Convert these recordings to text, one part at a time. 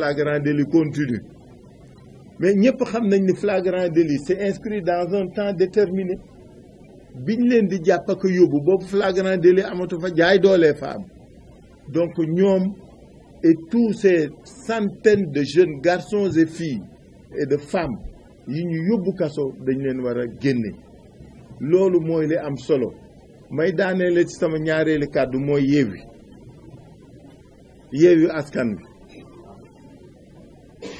flagrant délit continue mais ñëpp xam nañ ni flagrant délit c'est inscrit dans un temps déterminé biñ nous di jàpp ak yóbbu flagrant délit amatu fa jaay doole les femmes. donc nous, et tous ces centaines de jeunes garçons et filles et de femmes yi ñu yóbbu kaso dañ leen war a génne loolu mooy est am solo may daaneele ci sama ñaareeli cas mooy Yewwi Yévi. Askan Wi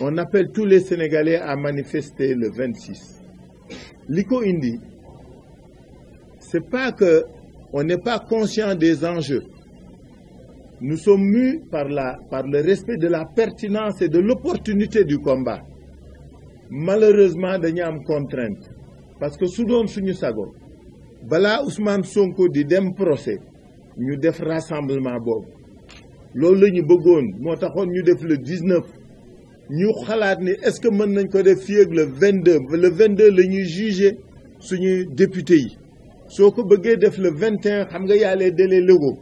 on appelle tous les Sénégalais à manifester le 26. L'ICO Indi, c'est pas que on n'est pas conscient des enjeux. Nous sommes mus par, le respect de la pertinence et de l'opportunité du combat. Malheureusement, nous contrainte parce que soudain, nous suñu Bala Ousmane Sonko di dem procès nous def rassemblement bob. loolu Nous avons Nous le 19 nous xalaat ni est-ce que nous nañ ko def le 22 le 22 nous ñuy jugé députés député yi soko bëggé le 21 xam nga délai légaux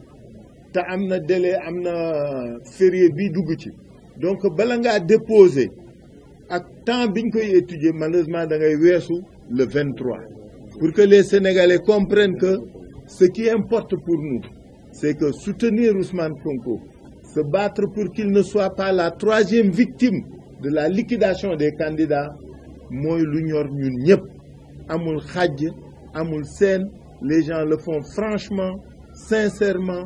délai amna férié bi dugg donc Balanga a déposé ak temps biñ koy étudier malheureusement da ngay le 23 pour que les Sénégalais comprennent que ce qui importe pour nous c'est que soutenir Ousmane Sonko se battre pour qu'il ne soit pas la troisième victime de la liquidation des candidats moi lu ñor ñun ñëpp amul xàjj amul seen les gens le font franchement sincèrement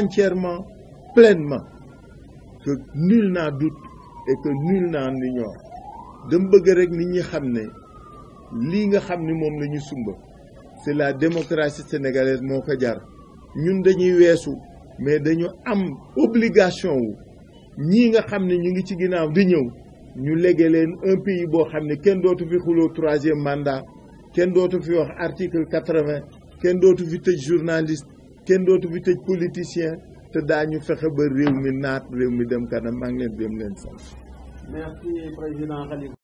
entièrement pleinement que nul n'en doute et que nul n'en ignore dama bëgg rek nit ñi xam ne lii nga xam ni sumba c'est la démocratie sénégalaise Nous sommes jar ñun dañuy weesu mais dañu am obligation wu ñii nga xam ne ñu ngi ci ginnaaw di ñu lége leen un pays boo xam ne kenn dootu fi xuloo troisième mandat kenn dootu fi wax article quatre-vingt kenn dootu fi tëj journaliste kenn dootu fi tëj politicien te daañu fexe ba réew mi naat réew mi dem kanam maa ngi leen dem leen sant